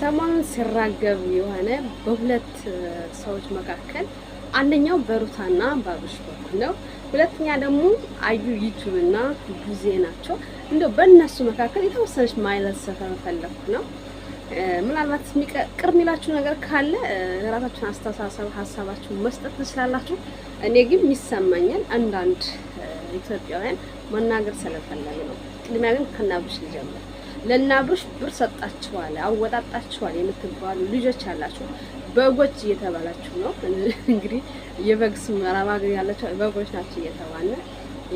ሰሞኑን ሲራገብ የሆነ በሁለት ሰዎች መካከል አንደኛው በሩታና ባብሽ በኩል ነው። ሁለተኛ ደግሞ አዩ ዩቱብ እና ጉዜ ናቸው። እንደው በእነሱ መካከል የተወሰነች ሰፈር መፈለኩ ነው። ምናልባት ቅር የሚላችሁ ነገር ካለ የራሳችሁን አስተሳሰብ ሀሳባችሁን መስጠት ትችላላችሁ። እኔ ግን የሚሰማኝን አንዳንድ ኢትዮጵያውያን መናገር ስለፈለግ ነው። ቅድሚያ ግን ከናብሽ ልጀምር። ለናብሮች ብር ሰጣችኋል፣ አወጣጣችኋል የምትባሉ ልጆች አላችሁ። በጎች እየተባላችሁ ነው እንግዲህ የበግ ስም አራባግሪ ያላችሁ በጎች ናቸው እየተባለ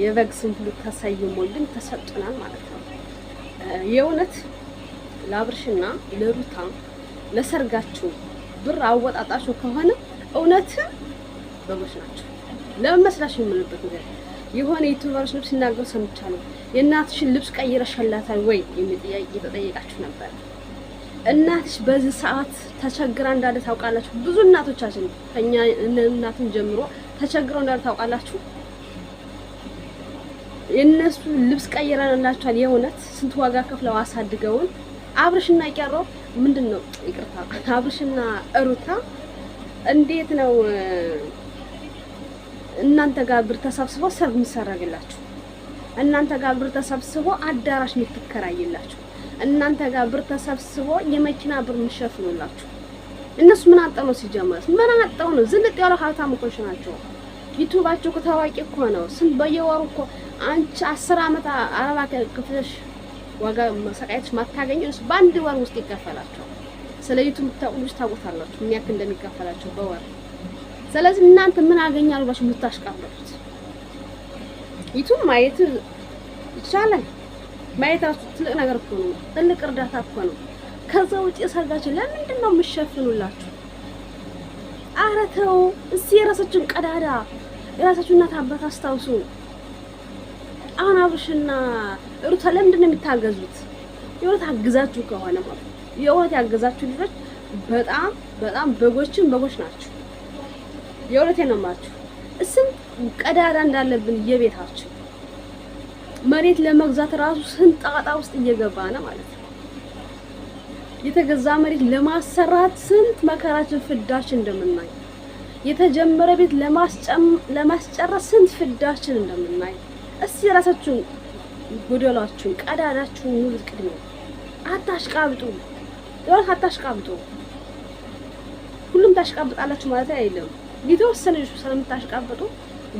የበግ ስም ሁሉ ተሰይሞልን ተሰጡናል ማለት ነው። የእውነት ለአብርሽና ለሩታ ለሰርጋችሁ ብር አወጣጣችሁ ከሆነ እውነትም በጎች ናቸው። ለምን መስላችሁ የምልበት ነገር የሆነ ዩቱበሮች ልብስ ሲናገሩ ሰምቻለሁ። የእናትሽን ልብስ ቀይረሽላታል ወይ የሚል ጥያቄ ተጠየቃችሁ ነበር። እናትሽ በዚህ ሰዓት ተቸግራ እንዳለ ታውቃላችሁ? ብዙ እናቶቻችን ከኛ እናትን ጀምሮ ተቸግረው እንዳለ ታውቃላችሁ? የእነሱ ልብስ ቀይረንላችኋል። የእውነት ስንት ዋጋ ከፍለው አሳድገውን አብርሽና ቀሮ ምንድን ነው ይቅርታ፣ አብርሽና እሩታ እንዴት ነው እናንተ ጋር ብር ተሰብስቦ ሰርግ የሚሰረግላችሁ፣ እናንተ ጋር ብር ተሰብስቦ አዳራሽ የምትከራይላችሁ፣ እናንተ ጋር ብር ተሰብስቦ የመኪና ብር የምሸፍኑላችሁ እነሱ ምን አጣው ነው ሲጀመርስ? ምን አጣው ነው? ዝልጥ ያለው ሀብታም እኮ ናቸው። ዩቲዩባቸው እኮ ታዋቂ እኮ ነው። ስንት በየወሩ እኮ አንቺ አስር ዓመት አረባ ክፍለሽ ዋጋ መሰቃየትሽ ማታገኝ እሱ በአንድ ወር ውስጥ ይከፈላቸው። ስለ ዩቲዩብ ታውቁ ልጅ ታውቁታላችሁ ምን ያክል እንደሚከፈላቸው በወር ስለዚህ እናንተ ምን አገኛሉ ባሽ የምታሽቃበጡት? ይቱን ማየት ይቻላል። ማየት ራሱ ትልቅ ነገር እኮ ነው፣ ትልቅ እርዳታ እኮ ነው። ከዛ ውጪ ሰርጋችን ለምንድን ነው የምሸፍኑላችሁ? ኧረ ተው እስኪ የራሳችሁን ቀዳዳ የራሳችሁን እናት አባት አስታውሱ። አሁን አብርሽና ሩታ ለምንድን ነው የሚታገዙት? የእውነት አግዛችሁ ከሆነ ማለት የእውነት ያገዛችሁ ልጆች በጣም በጣም በጎችን በጎች ናቸው። የሁለቴ ነው የማችሁ። ስንት ቀዳዳ እንዳለብን የቤታችን መሬት ለመግዛት ራሱ ስንት ጣጣ ውስጥ እየገባ ነው ማለት ነው። የተገዛ መሬት ለማሰራት ስንት መከራችን ፍዳችን እንደምናይ፣ የተጀመረ ቤት ለማስጨረስ ስንት ፍዳችን እንደምናይ። እስቲ የራሳችሁን ጎደሏችሁን፣ ቀዳዳችሁን ሙሉት። ቅድሚያ አታሽቃብጡ፣ አታሽቃብጡ። ሁሉም ታሽቃብጣላችሁ ማለት አይደለም። የተወሰነ ልጅ ስለምታሽቃበጡ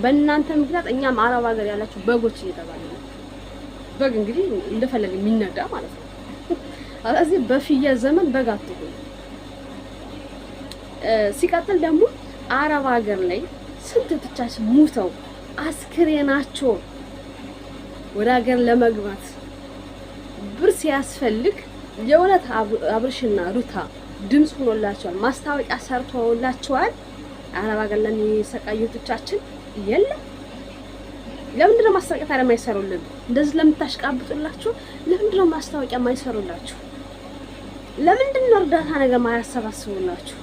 በእናንተ ምክንያት እኛም አረብ ሀገር ያላችሁ በጎች እየተባለ ነው። በግ እንግዲህ እንደፈለገ የሚነዳ ማለት ነው። ስለዚህ በፍየል ዘመን በግ አትሁኑ። ሲቀጥል ደግሞ አረብ ሀገር ላይ ስንት ትቻች ሙተው አስክሬናቸው ወደ ሀገር ለመግባት ብር ሲያስፈልግ የእውነት አብርሽና ሩታ ድምፅ ሆኖላቸዋል። ማስታወቂያ ሰርቶላቸዋል። አረብ ሀገር ለሚሰቃዩ እህቶቻችን የለም። ለምንድን ነው ማስታወቂያ ታዲያ የማይሰሩልን? እንደዚህ ለምታሽቃብጡላችሁ ለምንድን ነው ማስታወቂያ የማይሰሩላችሁ? ለምንድን ነው እርዳታ ነገር ማያሰባስቡላችሁ?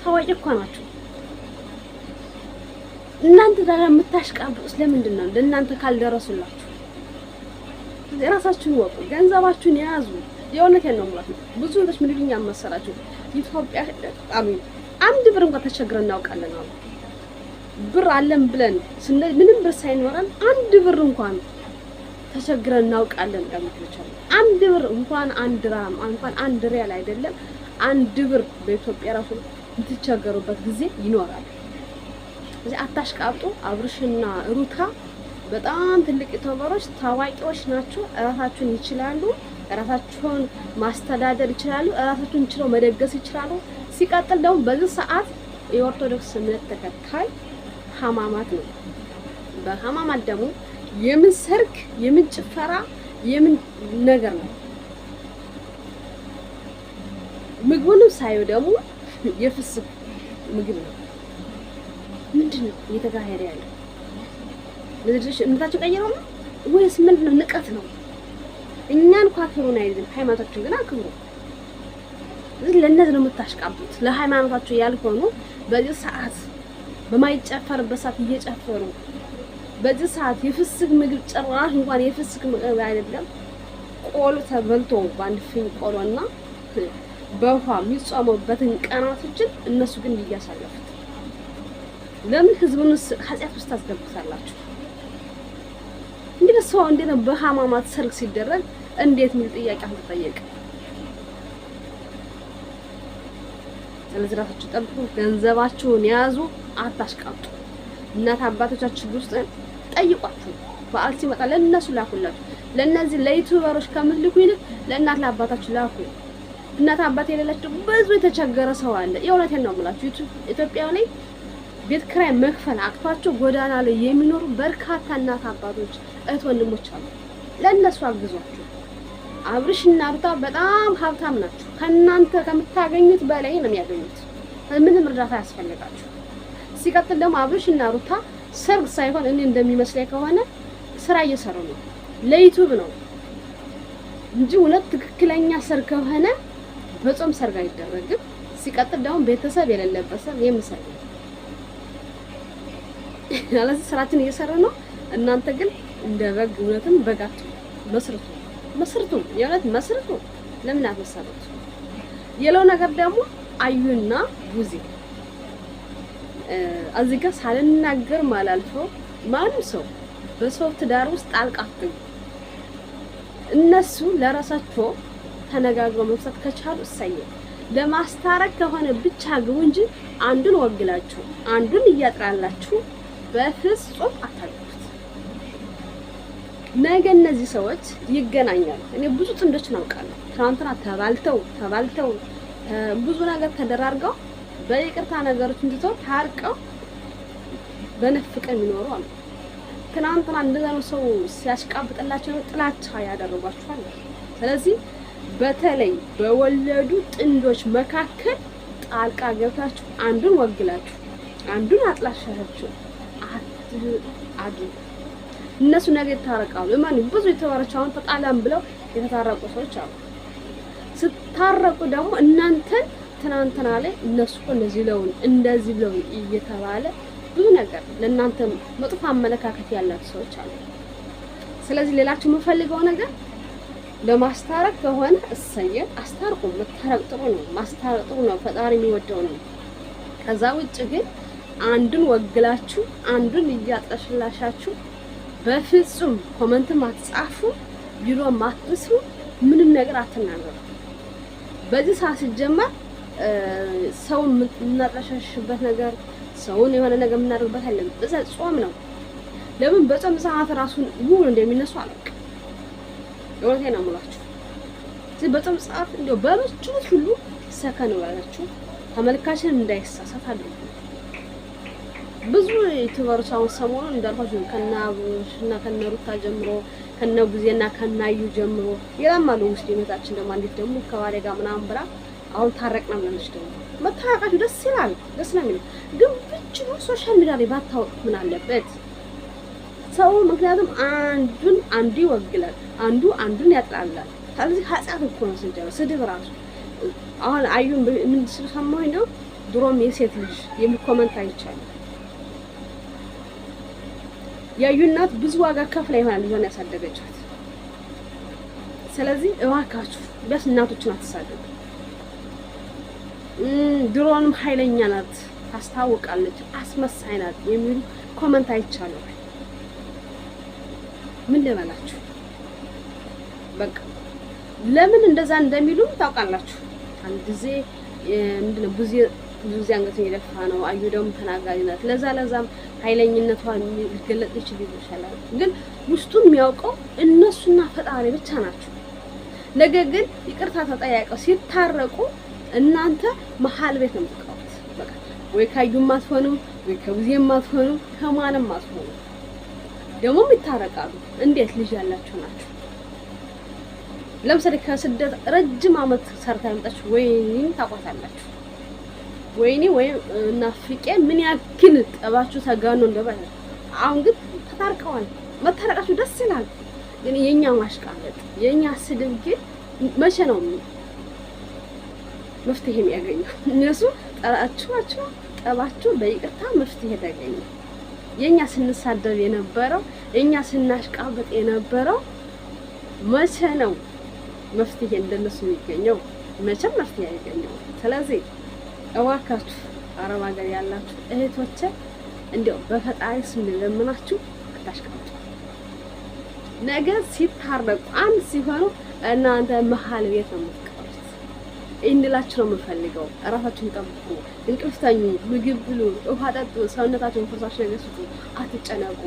ታዋቂ እኮ ናችሁ። እናንተ ታዲያ የምታሽቃብጡት ለምንድን ነው? ለእናንተ ካልደረሱላችሁ የራሳችሁን ወቁ፣ ገንዘባችሁን የያዙ የእውነቴን ነው ማለት ነው። ብዙ እህቶች ምን መሰላችሁ ኢትዮጵያ አሚን አንድ ብር እንኳን ተቸግረን እናውቃለን። አሁን ብር አለን ብለን ምንም ብር ሳይኖረን አንድ ብር እንኳን ተቸግረን እናውቃለን። ለምትቻለ አንድ ብር እንኳን አንድ ራም እንኳን አንድ ሪያል አይደለም አንድ ብር በኢትዮጵያ ራሱ የምትቸገሩበት ጊዜ ይኖራል። እዚህ አታሽቃብጡ። አብርሽና ሩታ በጣም ትልቅ ዩቲዩበሮች ታዋቂዎች ናቸው። እራሳቸውን ይችላሉ። እራሳቸውን ማስተዳደር ይችላሉ። እራሳቸውን ችለው መደገስ ይችላሉ። ሲቀጥል ደግሞ በዚህ ሰዓት የኦርቶዶክስ እምነት ተከታይ ሀማማት ነው። በሀማማት ደግሞ የምን ሰርግ፣ የምን ጭፈራ፣ የምን ነገር ነው። ምግቡንም ሳየው ደግሞ የፍስክ ምግብ ነው። ምንድን ነው እየተካሄደ ያለው? ለዚህ እምነታቸው ቀይረው ነው ወይስ ምንድን ነው? ንቀት ነው። እኛን ኳፍሩን አይደለም፣ ሃይማኖታችን ግን አክብሩ። ለእነዚህ ነው የምታሽቃቡት፣ ለሃይማኖታቸው ያልሆኑ በዚህ ሰዓት በማይጨፈርበት ሰዓት እየጨፈሩ በዚህ ሰዓት የፍስክ ምግብ ጭራሽ እንኳን የፍስክ ምግብ አይደለም፣ ቆሎ ተበልቶ በአንድ ፍኝ ቆሎና በውሃ የሚጾመበትን ቀናቶችን እነሱ ግን እያሳለፉት ለምን ህዝቡን ኃጢአት ውስጥ ታስገቡታላችሁ? እንግዲህ ሰው እንዴት ነው በሃማማት ሰርግ ሲደረግ እንዴት የሚል ጥያቄ አሁን ስለዚህ ራሳችሁ ጠብቁ፣ ገንዘባችሁን ያዙ፣ አታሽቃጡ። እናት አባቶቻችሁ ውስጥ ጠይቋችሁ፣ በዓል ሲመጣ ለእነሱ ላኩላችሁ። ለእነዚህ ለዩቱበሮች ከምትልኩ ይልቅ ለእናት ለአባታችሁ ላኩ። እናት አባት የሌላቸው ብዙ የተቸገረ ሰው አለ። የእውነቴን ነው የምላችሁ። ኢትዮጵያ ላይ ቤት ክራይ መክፈል አቅቷቸው ጎዳና ላይ የሚኖሩ በርካታ እናት አባቶች፣ እህት ወንድሞች አሉ። ለእነሱ አግዟቸው። አብርሽ ሩታ በጣም ሀብታም ናቸው። ከእናንተ ከምታገኙት በላይ ነው የሚያገኙት። ምንም እርዳታ ያስፈልጋችሁ ሲቀጥል ደግሞ አብርሽ ሩታ ሰርግ ሳይሆን እኔ እንደሚመስለኝ ከሆነ ስራ እየሰሩ ነው፣ ለዩቱብ ነው እንጂ እውነት ትክክለኛ ሰርግ ከሆነ በጾም ሰርግ አይደረግም። ሲቀጥል ደግሞ ቤተሰብ የሌለበት ሰርግ የምሰርግ ስራችን እየሰሩ ነው። እናንተ ግን እንደ በግ እውነትም በጋት መስርቱ መስርቱ የእውነት መስርቱ ለምን አመሰሩት የለው ነገር ደግሞ አዩና ጉዚ እዚህ ጋር ሳልናገር ማላልፈው ማንም ሰው በሰው ትዳር ውስጥ ጣልቃ አትግቡ። እነሱ ለራሳቸው ተነጋግረው መፍታት ከቻሉ እሰየ። ለማስታረቅ ከሆነ ብቻ ግቡ እንጂ አንዱን ወግላችሁ አንዱን እያጥራላችሁ በፍጹም አታግቡ። ነገ እነዚህ ሰዎች ይገናኛሉ። እኔ ብዙ ጥንዶችን አውቃለሁ። ትናንትና ተባልተው ተባልተው ብዙ ነገር ተደራርገው በይቅርታ ነገሮች እንትቶ ታርቀው በነፍቀ የሚኖሩ አሉ። ትናንትና እንደዛ ነው ሰው ሲያሽቃብጥላቸው ነው ጥላቻ ያደረጓችኋል። ስለዚህ በተለይ በወለዱ ጥንዶች መካከል ጣልቃ ገብታችሁ አንዱን ወግላችሁ አንዱን አጥላሻችሁ አድርጉ። እነሱ ነገ ይታረቃሉ። ማን ብዙ የተባረች አሁን ተጣላም ብለው የተታረቁ ሰዎች አሉ። ስታረቁ ደግሞ እናንተን ትናንትና ላይ እነሱ እንደዚህ ብለውን እንደዚህ ብለው እየተባለ ብዙ ነገር ለእናንተ መጥፎ አመለካከት ያላቸው ሰዎች አሉ። ስለዚህ ሌላችሁ የምፈልገው ነገር ለማስታረቅ ከሆነ እሰየ አስታርቁ። መታረቅ ጥሩ ነው፣ ማስታረቅ ጥሩ ነው፣ ፈጣሪ የሚወደው ነው። ከዛ ውጭ ግን አንዱን ወግላችሁ አንዱን እያጠሽላሻችሁ በፍጹም ኮመንትም አትጻፉ፣ ቢሮ አትስሩ፣ ምንም ነገር አትናገሩ። በዚህ ሰዓት ሲጀመር ሰውን የምናጠሻሽበት ነገር ሰውን የሆነ ነገር የምናደርግበት አይደለም። እዛ ጾም ነው። ለምን በጾም ሰዓት ራሱን ውሉ እንደሚነሱ አላውቅ። የእውነቴን ነው የምላችሁ። እዚህ በጾም ሰዓት እንደው በምችሉት ሁሉ ሰከን ብላችሁ ተመልካችን እንዳይሳሳት አድርጉ። ብዙ ዩቲዩበሮች አሁን ሰሞኑን እንዳልኳችሁ ከነ አብሮሽ እና ከነ ሩታ ጀምሮ ከነ ጉዜና ከናዩ ጀምሮ ይላማሉ ውስጥ ይመታችን ደግሞ አንዲት ደግሞ ከባሌ ጋር ምናምን ብላ አሁን ታረቅና ምናምን ደግሞ መታረቃችሁ ደስ ይላል፣ ደስ ነው የሚለው። ግን ብቻ ነው ሶሻል ሚዲያ ላይ ባታወጡት ምን አለበት ሰው። ምክንያቱም አንዱን አንዱ ይወግላል፣ አንዱ አንዱን ያጥላላል። ታዲያ ኃጢአት እኮ ነው ስንጀምር ስድብ ራሱ አሁን አዩን ምን ስሰማኝ ነው ድሮም የሴት ልጅ የሚኮመንት አይቻልም ያዩ እናት ብዙ ዋጋ ከፍላ ይሆናል ልጇን ያሳደገቻት። ስለዚህ እባካችሁ ቢያንስ እናቶችን አትሳደቡ። ድሮንም ኃይለኛ ናት፣ ታስታውቃለች፣ አስመሳይ ናት የሚሉ ኮመንት አይቻለሁ። ምን ልበላችሁ፣ በቃ ለምን እንደዛ እንደሚሉም ታውቃላችሁ። አንድ ጊዜ ምንድነው ብዙ አንገቱን የደፋ ነው። አዩ ደግሞ ተናጋሪ ናት። ለዛ ለዛም ኃይለኝነቷ ሊገለጥ ይችል ግን ውስጡ የሚያውቀው እነሱና ፈጣሪ ብቻ ናቸው። ነገር ግን ይቅርታ ተጠያቀው ሲታረቁ እናንተ መሀል ቤት ነው የምትቀሩት። በቃ ወይ ካዩም አትሆኑም፣ ወይ ከቡዜም አትሆኑም፣ ከማንም አትሆኑ ደግሞም ይታረቃሉ። እንዴት ልጅ ያላቸው ናቸው። ለምሳሌ ከስደት ረጅም ዓመት ሰርታ ያመጣችሁ ወይም ታቋታላችሁ ወይኔ ወይም ፍቄ ምን ያክል ጠባችሁ ተጋኖ እንደባለ። አሁን ግን ተታርቀዋል። መታረቃችሁ ደስ ይላል። ግን የኛ ማሽቃለጥ፣ የኛ ስድብ ግን መቼ ነው መፍትሄ የሚያገኙ? እነሱ ጠራችኋቸው፣ ጠባችሁ በይቅርታ መፍትሄ ታገኘ። የኛ ስንሳደብ የነበረው የኛ ስናሽቃበጥ የነበረው መቼ ነው መፍትሄ እንደነሱ የሚገኘው? መቼም መፍትሄ አይገኘው። ስለዚህ እባካችሁ አረብ ሀገር ያላችሁ እህቶቼ እንዲያው በፈጣሪ ስም ለምናችሁ አታሽቀምጡ። ነገ ሲታረቁ አንድ ሲሆኑ እናንተ መሀል ቤት ነው የምትቀሩት። እንድላችሁ ነው የምፈልገው። እራሳችሁን ጠብቁ፣ እንቅልፍ ተኙ፣ ምግብ ብሉ፣ ውሃ ጠጡ፣ ሰውነታችሁን ፈሳሽ ነገር ስጡ፣ አትጨነቁ።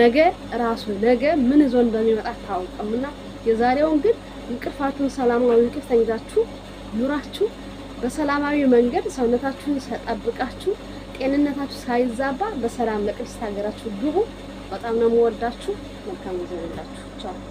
ነገ ራሱ ነገ ምን ይዞ እንደሚመጣ አታውቅምና የዛሬውን ግን እንቅልፋችሁን ሰላማዊ እንቅልፍ ተኝታችሁ ኑራችሁ በሰላማዊ መንገድ ሰውነታችሁን ሳጠብቃችሁ ጤንነታችሁ ሳይዛባ በሰላም ለቅድስት ሀገራችሁ ግቡ። በጣም ነው የምወዳችሁ። መልካም ጊዜ ይሁንላችሁ። ቻው